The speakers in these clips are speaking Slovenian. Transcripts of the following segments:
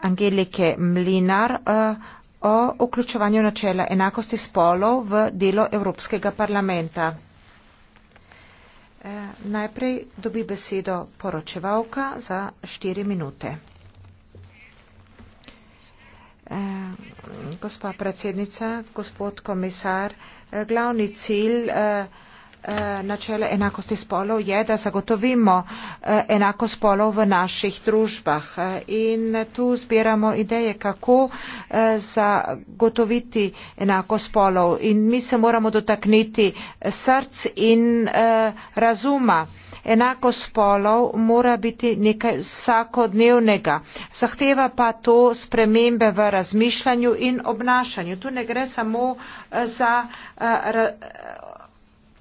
Angelike Mlinar eh, o vključevanju načela enakosti spolov v delo Evropskega parlamenta. Eh, najprej dobi besedo poročevalka za štiri minute. Eh, gospa predsednica, gospod komisar, glavni cilj Eh, načelo enakosti spolov je, da zagotovimo eh, enakost spolov v naših družbah. Eh, in tu zbiramo ideje, kako zagotoviti enakost spolov. In mi se moramo dotakniti src in razuma. Enako spolov mora biti nekaj vsakodnevnega. Zahteva pa to spremembe v razmišljanju in obnašanju. Tu ne gre samo za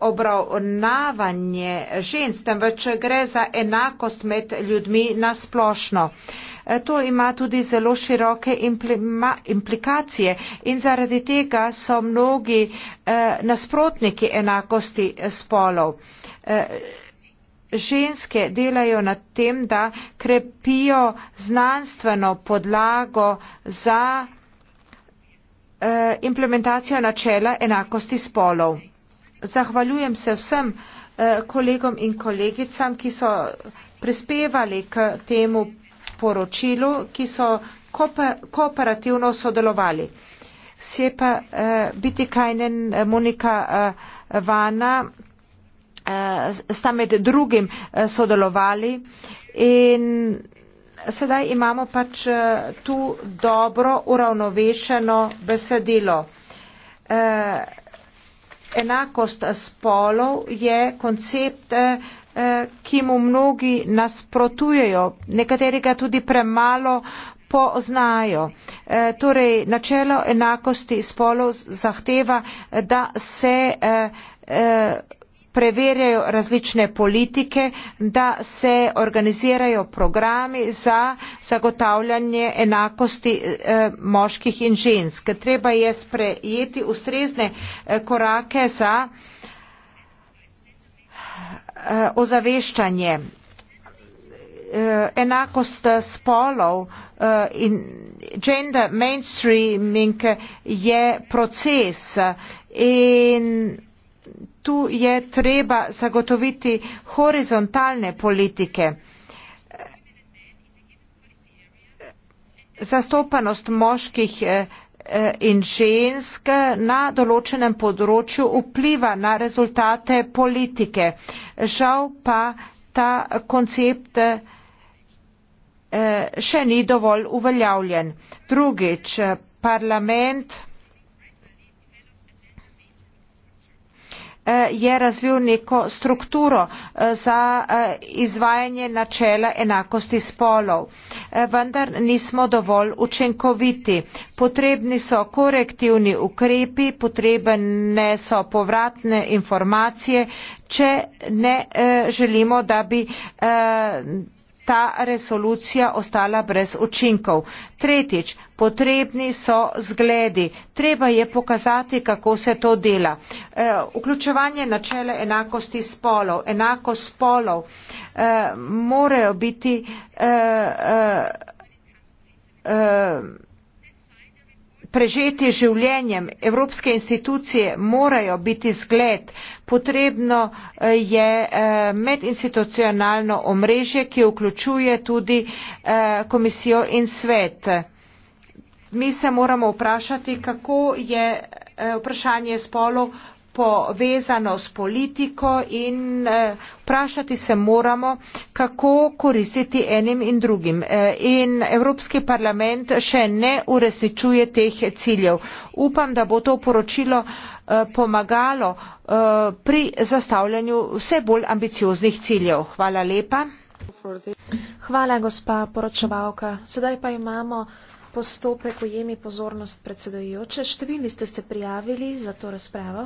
obravnavanje žensk, temveč gre za enakost med ljudmi nasplošno. E, to ima tudi zelo široke implikacije in zaradi tega so mnogi e, nasprotniki enakosti spolov. E, ženske delajo na tem, da krepijo znanstveno podlago za implementacijo načela enakosti spolov zahvaljujem se vsem eh, kolegom in kolegicam, ki so prispevali k temu poročilu, ki so kooperativno sodelovali. Sepa eh, Bitikajnen, eh, Monika Vana sta med drugim sodelovali in sedaj imamo pač tu dobro uravnovešeno besedilo enakost spolov je koncept, eh, ki mu mnogi nasprotujejo, nekateri ga tudi premalo poznajo. Eh, torej, načelo enakosti spolov zahteva, da se eh, preverjajo različne politike, da se organizirajo programi za zagotavljanje enakosti eh, moških in žensk. Treba je sprejeti ustrezne eh, korake za eh, ozaveščanje. Enakost spolov in gender mainstreaming je proces in tu je treba zagotoviti horizontalne politike. Zastopanost moških eh, eh, in žensk na določenem področju vpliva na rezultate politike. Žal pa ta koncept eh, še ni dovolj uveljavljen. Drugič, parlament Eh, je razvil neko strukturo eh, za eh, izvajanje načela enakosti spolov. Vendar nismo dovolj učinkoviti. Potrebni so korektivni ukrepi, potrebne so povratne informacije, če ne želimo, da bi ta resolucija ostala brez učinkov. Tretjič, potrebni so zgledi. Treba je pokazati, kako se to dela. E, vključevanje načela enakosti spolov, enakost spolov e, morajo biti. E, e, e, prežeti življenjem. Evropske institucije morajo biti zgled. Potrebno eh, je eh, medinstitucionalno omrežje, ki vključuje tudi eh, komisijo in svet. Mi se moramo vprašati, kako je vprašanje spolov povezano s politiko in eh, vprašati se moramo, kako koristiti enim in drugim. Eh, in Evropski parlament še ne uresničuje teh ciljev. Upam, da bo to poročilo eh, pomagalo pri zastavljanju vse bolj ambicioznih ciljev. Hvala lepa. Hvala, gospa poročevalka. Sedaj pa imamo postopek ujemi pozornost predsedujoče. Številni ste se prijavili za to razpravo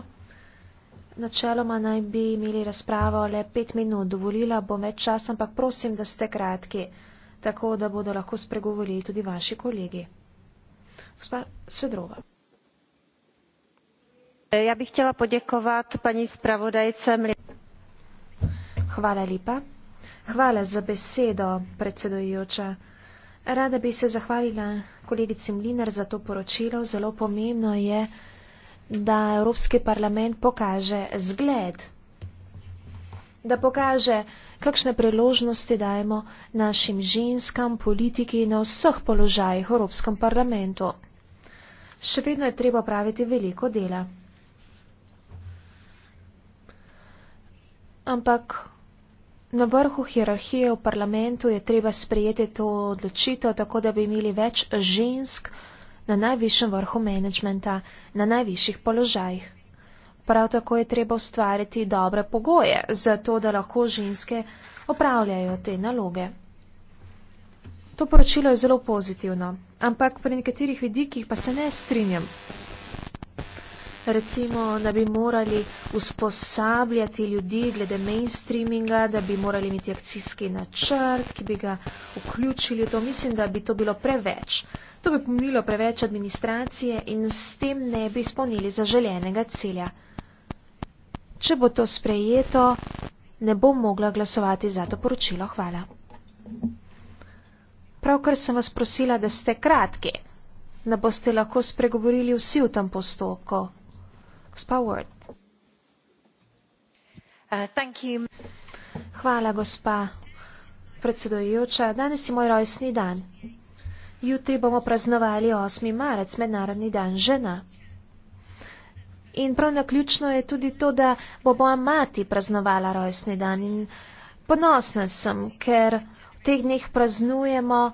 načeloma naj bi imeli razpravo le pet minut. Dovolila bom več časa, ampak prosim, da ste kratki, tako da bodo lahko spregovorili tudi vaši kolegi. Gospa Svedrova. Ja bih htjela podjekovat pani spravodajce. Hvala lepa. Hvala za besedo, predsedojoča. Rada bi se zahvalila kolegici Mlinar za to poročilo. Zelo pomembno je, da Evropski parlament pokaže zgled, da pokaže, kakšne priložnosti dajemo našim ženskam, politiki na vseh položajih v Evropskem parlamentu. Še vedno je treba praviti veliko dela. Ampak na vrhu hierarhije v parlamentu je treba sprejeti to odločitev, tako da bi imeli več žensk, na najvišjem vrhu menedžmenta, na najvišjih položajih. Prav tako je treba ustvariti dobre pogoje za to, da lahko ženske opravljajo te naloge. To poročilo je zelo pozitivno, ampak pri nekaterih vidikih pa se ne strinjam recimo, da bi morali usposabljati ljudi glede mainstreaminga, da bi morali imeti akcijski načrt, ki bi ga vključili v to. Mislim, da bi to bilo preveč. To bi pomenilo preveč administracije in s tem ne bi izpolnili zaželenega cilja. Če bo to sprejeto, ne bom mogla glasovati za to poročilo. Hvala. Pravkar sem vas prosila, da ste kratki, da boste lahko spregovorili vsi v tem postopku. Uh, Hvala, gospa predsedojoča. Danes je moj rojstni dan. Jutri bomo praznovali 8. marec, mednarodni dan žena. In prav naključno je tudi to, da bo moja mati praznovala rojstni dan. In ponosna sem, ker v teh dneh praznujemo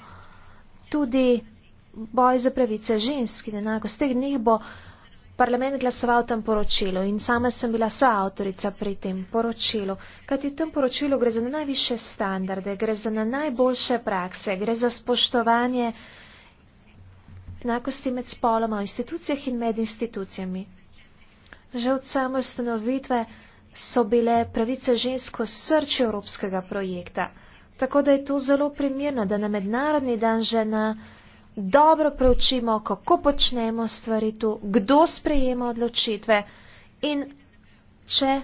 tudi boj za pravice ženske. Enako z teh dneh bo parlament glasoval o tem poročilu in sama sem bila soautorica pri tem poročilu, kajti v tem poročilu gre za najviše standarde, gre za na najboljše prakse, gre za spoštovanje enakosti med spoloma v institucijah in med institucijami. Že od same ustanovitve so bile pravice žensko srče evropskega projekta, tako da je to zelo primirno, da na mednarodni dan žena dobro preučimo, kako počnemo stvari tu, kdo sprejema odločitve in če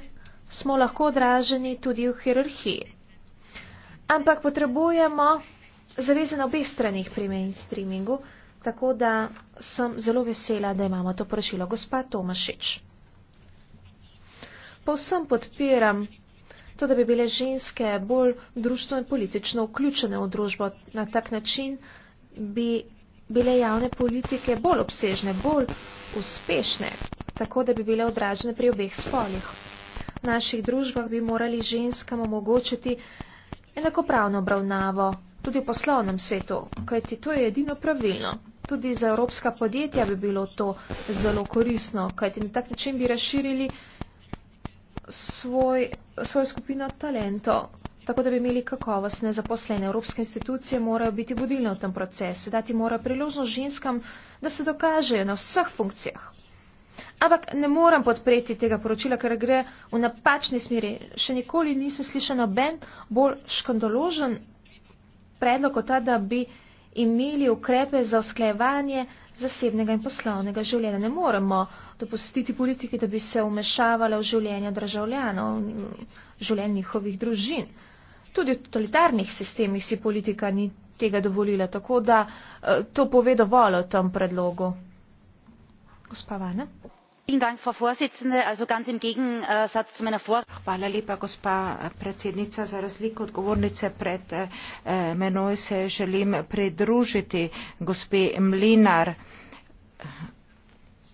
smo lahko odraženi tudi v hierarhiji. Ampak potrebujemo zaveze na obeh stranih pri mainstreamingu, tako da sem zelo vesela, da imamo to prošilo. Gospa Tomašič, povsem podpiram to, da bi bile ženske bolj društveno in politično vključene v družbo na tak način, bi bile javne politike bolj obsežne, bolj uspešne, tako da bi bile odražene pri obeh spolih. V naših družbah bi morali ženskam omogočiti enakopravno obravnavo, tudi v poslovnem svetu, kajti to je edino pravilno. Tudi za evropska podjetja bi bilo to zelo korisno, kajti na tak način bi razširili svoj, svojo skupino talentov. Tako da bi imeli kakovostne zaposlene. Evropske institucije morajo biti vodilne v tem procesu, dati mora priložnost ženskam, da se dokažejo na vseh funkcijah. Ampak ne moram podpreti tega poročila, ker gre v napačni smeri. Še nikoli nisem slišal noben bolj škandoložen predlog od ta, da bi imeli ukrepe za usklejevanje zasebnega in poslovnega življenja. Ne moremo dopustiti politiki, da bi se umešavala v življenja državljanov, življenj njihovih družin. Tudi v totalitarnih sistemih si politika ni tega dovolila, tako da eh, to pove dovolj o tem predlogu. Gospa Vane frau präsidentin! also ganz im gegensatz zu meiner vorrednerin za razliko od govornice pred eh, menoj se želim pridružiti gospe mlinar.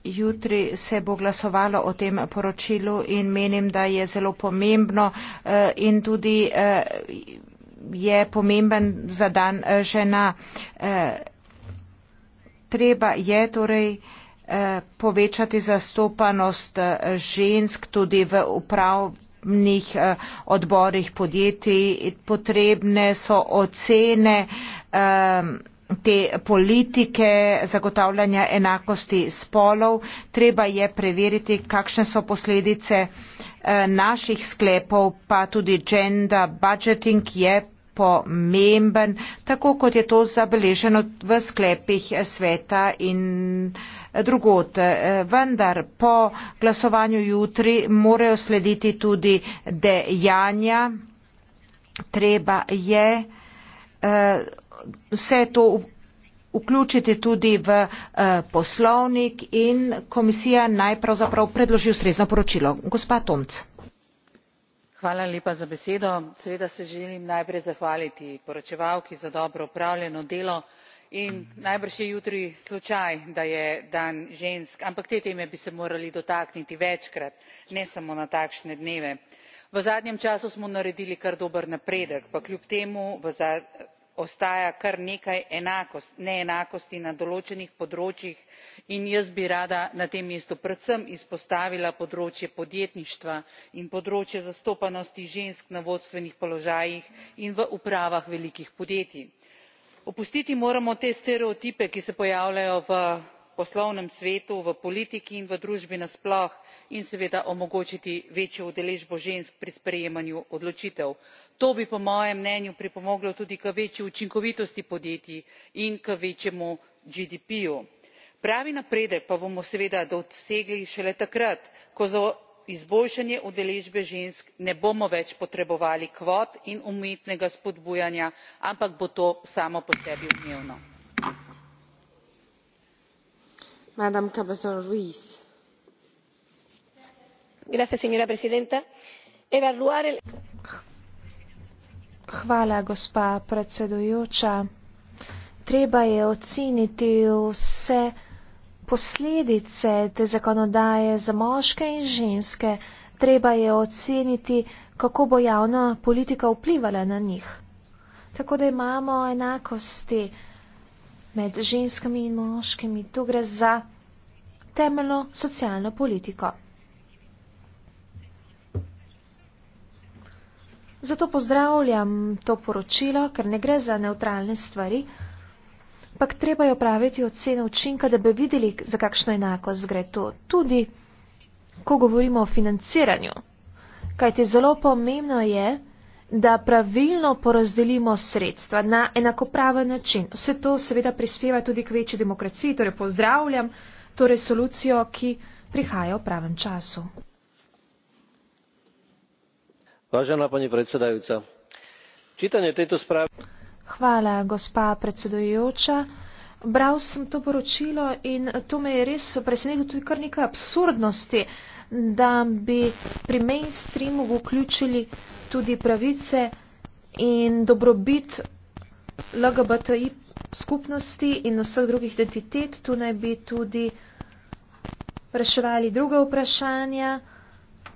jutri se bo glasovalo o tem poročilu in menim da je zelo pomembno eh, in tudi eh, je pomemben za dan žena. treba je torej Eh, povečati zastopanost eh, žensk tudi v upravnih eh, odborih podjetij. Potrebne so ocene te politike zagotavljanja enakosti spolov. Treba je preveriti, kakšne so posledice naših sklepov, pa tudi gender budgeting je pomemben, tako kot je to zabeleženo v sklepih sveta in drugot. Vendar po glasovanju jutri morajo slediti tudi dejanja. Treba je eh, vse to vključiti tudi v eh, poslovnik in komisija naj pravzaprav predloži ustrezno poročilo. Gospa Tomc seveda se želim najprej zahvaliti poročevalki za dobro opravljeno delo in najbrž je jutri slučaj da je dan žensk ampak te teme bi se morali dotakniti večkrat ne samo na takšne dneve. v zadnjem času smo naredili kar dober napredek pa kljub temu ostaja kar nekaj neenakosti na določenih področjih ki jih moramo popraviti in jaz bi rada na tem mestu predvsem izpostavila področje podjetništva in področje zastopanosti žensk na vodstvenih položajih in v upravah velikih podjetij. opustiti moramo te stereotipe ki se pojavljajo v poslovnem svetu v politiki in v družbi nasploh in seveda omogočiti večjo udeležbo žensk pri sprejemanju odločitev. to bi po mojem mnenju pripomoglo tudi k večji učinkovitosti podjetij in k večjemu gdp ju pravi napredek pa bomo seveda dosegli šele takrat ko za izboljšanje udeležbe žensk ne bomo več potrebovali kvot in umetnega spodbujanja ampak bo to samo po sebi umevno. treba je oceniti vse Posledice te zakonodaje za moške in ženske treba je oceniti, kako bo javna politika vplivala na njih. Tako da imamo enakosti med ženskami in moškimi. Tu gre za temeljno socialno politiko. Zato pozdravljam to poročilo, ker ne gre za neutralne stvari ampak treba je opraviti oceno učinka, da bi videli, za kakšno enakost gre to. Tudi, ko govorimo o financiranju, kajti zelo pomembno je, da pravilno porazdelimo sredstva na enakopraven način. Vse to seveda prispeva tudi k večji demokraciji, torej pozdravljam to resolucijo, ki prihaja v pravem času. Važena pani predsedajuca, čitanje tejto sprave. Hvala, gospa predsedujoča. Bral sem to poročilo in to me je res presenetilo tudi kar nekaj absurdnosti, da bi pri mainstreamu vključili tudi pravice in dobrobit LGBTI skupnosti in vseh drugih identitet. Tu naj bi tudi reševali druga vprašanja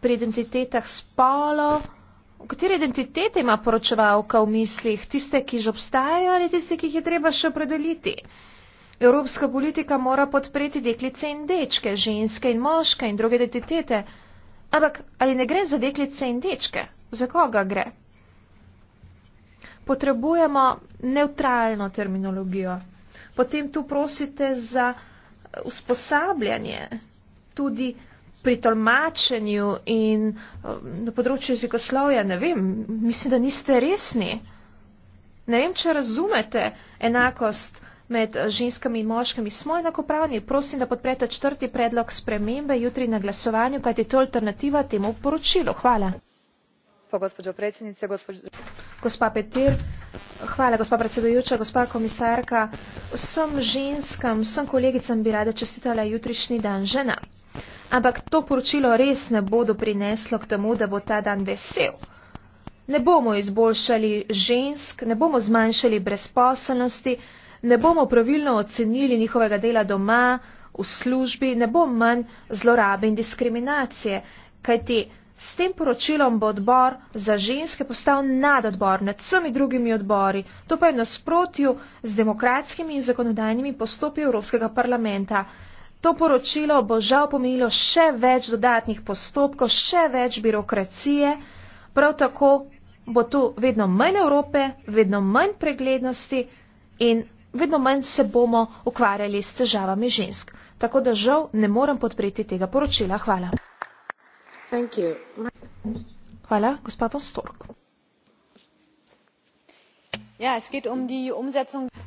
pri identitetah spolov. V kateri identiteti ima poročevalka v mislih tiste, ki že obstajajo ali tiste, ki jih je treba še opredeliti? Evropska politika mora podpreti deklice in dečke, ženske in moške in druge identitete. Ampak ali ne gre za deklice in dečke? Za koga gre? Potrebujemo neutralno terminologijo. Potem tu prosite za usposabljanje tudi pri tolmačenju in eh, na področju jezikoslovja, ne vem, mislim, da niste resni. Ne vem, če razumete enakost med eh, ženskami in moškami. Smo enakopravni. Prosim, da podprete četrti predlog spremembe jutri na glasovanju, kajti to je alternativa temu poročilu. Hvala. Pa, gospođo predsednice, gospođo... Gospa Petir, hvala, gospa predsedujoča, gospa komisarka. Vsem ženskam, vsem kolegicam bi rada čestitala jutrišnji dan žena ampak to poročilo res ne bo doprineslo k temu, da bo ta dan vesel. Ne bomo izboljšali žensk, ne bomo zmanjšali brezposelnosti, ne bomo pravilno ocenili njihovega dela doma, v službi, ne bo manj zlorabe in diskriminacije, kajti s tem poročilom bo odbor za ženske postal nadodbor nad vsemi drugimi odbori. To pa je nasprotju z demokratskimi in zakonodajnimi postopi Evropskega parlamenta. To poročilo bo žal pomenilo še več dodatnih postopkov, še več birokracije, prav tako bo tu vedno manj Evrope, vedno manj preglednosti in vedno manj se bomo ukvarjali s težavami žensk. Tako da žal ne morem podpreti tega poročila. Hvala. Hvala, gospa Postork. Ja, um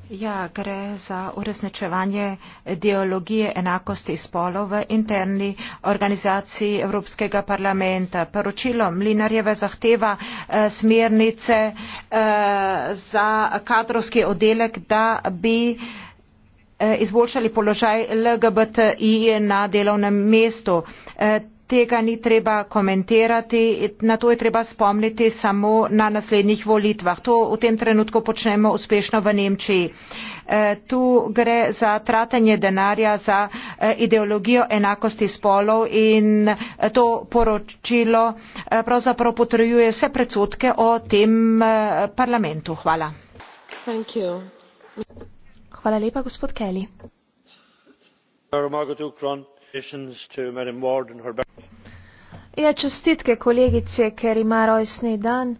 ja, gre za uresničevanje ideologije enakosti spolov v interni organizaciji evropskega parlamenta. poročilo mlinarjeve zahteva eh, smernice eh, za kadrovski oddelek da bi eh, izboljšali položaj lgbti na delovnem mestu tega ni treba komentirati, na to je treba spomniti samo na naslednjih volitvah. To v tem trenutku počnemo uspešno v Nemčiji. E, tu gre za tratenje denarja, za e, ideologijo enakosti spolov in e, to poročilo pravzaprav potrjuje vse predsotke o tem parlamentu. Hvala. Hvala lepa, gospod Kelly. Ja, čestitke kolegice, ker ima rojstni dan.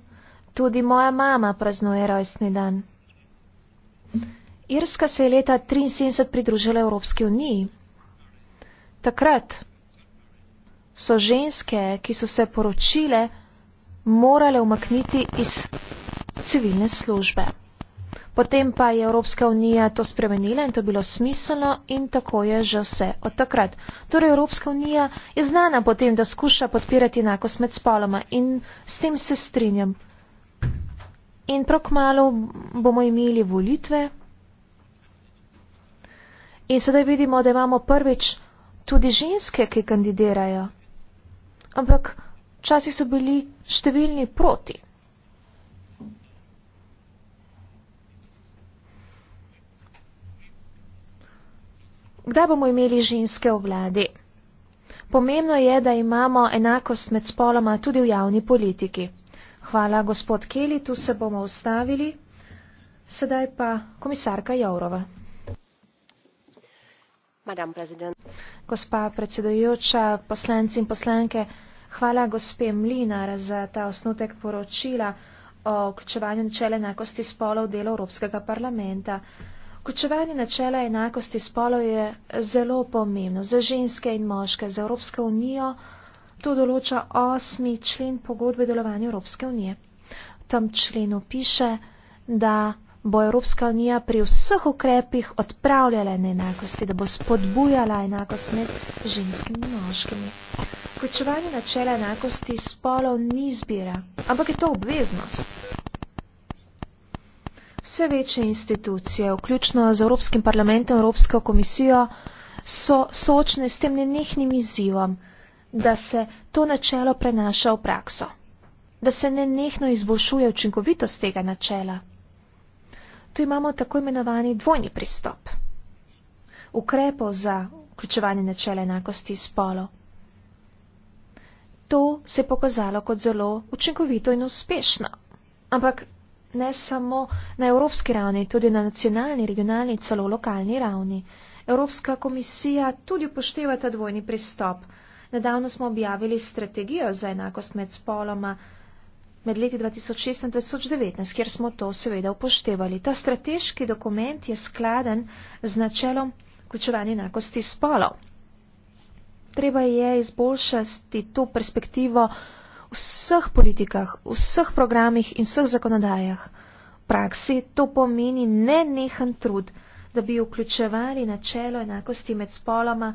Tudi moja mama praznuje rojstni dan. Irska se je leta 1973 pridružila Evropski uniji. Takrat so ženske, ki so se poročile, morale umakniti iz civilne službe. Potem pa je Evropska unija to spremenila in to bilo smiselno in tako je že vse od takrat. Torej Evropska unija je znana po tem, da skuša podpirati enakost med spoloma in s tem se strinjam. In prok malo bomo imeli volitve. In sedaj vidimo, da imamo prvič tudi ženske, ki kandidirajo. Ampak včasih so bili številni proti. kdaj bomo imeli ženske v vladi. Pomembno je, da imamo enakost med spoloma tudi v javni politiki. Hvala, gospod Keli, tu se bomo ustavili. Sedaj pa komisarka Jourova. Gospa predsedujoča, poslanci in poslanke, hvala gospe Mlinar za ta osnutek poročila o vključevanju načele enakosti spolov v delo Evropskega parlamenta. Vključevanje načela enakosti spolov je zelo pomembno za ženske in moške, za Evropsko unijo. To določa osmi člen pogodbe delovanja Evropske unije. V tem členu piše, da bo Evropska unija pri vseh ukrepih odpravljala neenakosti, da bo spodbujala enakost med ženskimi in moškimi. Vključevanje načela enakosti spolov ni izbira, ampak je to obveznost. Vse večje institucije, vključno z Evropskim parlamentom, Evropsko komisijo, so soočne s tem nenehnim izzivom, da se to načelo prenaša v prakso, da se nenehno izboljšuje učinkovitost tega načela. Tu imamo tako imenovani dvojni pristop ukrepov za vključevanje načela enakosti spolo. To se je pokazalo kot zelo učinkovito in uspešno. Ampak ne samo na evropski ravni, tudi na nacionalni, regionalni, celo lokalni ravni. Evropska komisija tudi upošteva ta dvojni pristop. Nedavno smo objavili strategijo za enakost med spoloma med leti 2016 in 2019, kjer smo to seveda upoštevali. Ta strateški dokument je skladen z načelom vključevanja enakosti spolov. Treba je izboljšati to perspektivo vseh politikah, vseh programih in vseh zakonodajah. V praksi to pomeni nenehen trud, da bi vključevali načelo enakosti med spoloma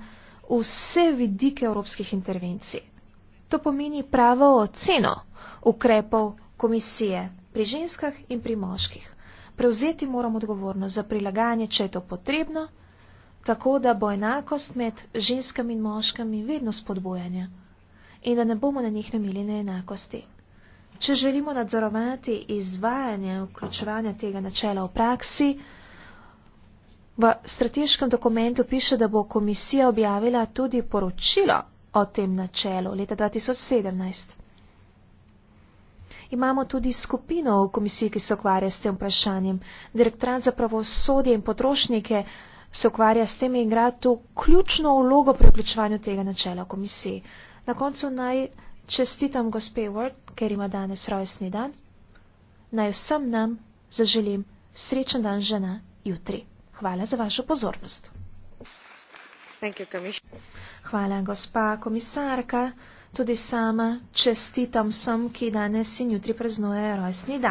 vse vidike evropskih intervencij. To pomeni pravo oceno ukrepov komisije pri ženskah in pri moških. Prevzeti moramo odgovornost za prilagajanje, če je to potrebno, tako da bo enakost med ženskami in moškami vedno spodbojanja in da ne bomo na njih namili neenakosti. Če želimo nadzorovati izvajanje vključevanja tega načela v praksi, v strateškem dokumentu piše, da bo komisija objavila tudi poročilo o tem načelu leta 2017. Imamo tudi skupino v komisiji, ki se ukvarja s tem vprašanjem. Direktorat za pravosodje in potrošnike se ukvarja s tem in igra tu ključno vlogo pri vključevanju tega načela v komisiji. Na koncu naj čestitam gospe Ward, ker ima danes rojstni dan. Naj vsem nam zaželim srečen dan žena jutri. Hvala za vašo pozornost. Hvala, gospa komisarka. Tudi sama čestitam vsem, ki danes in jutri praznujejo rojstni dan.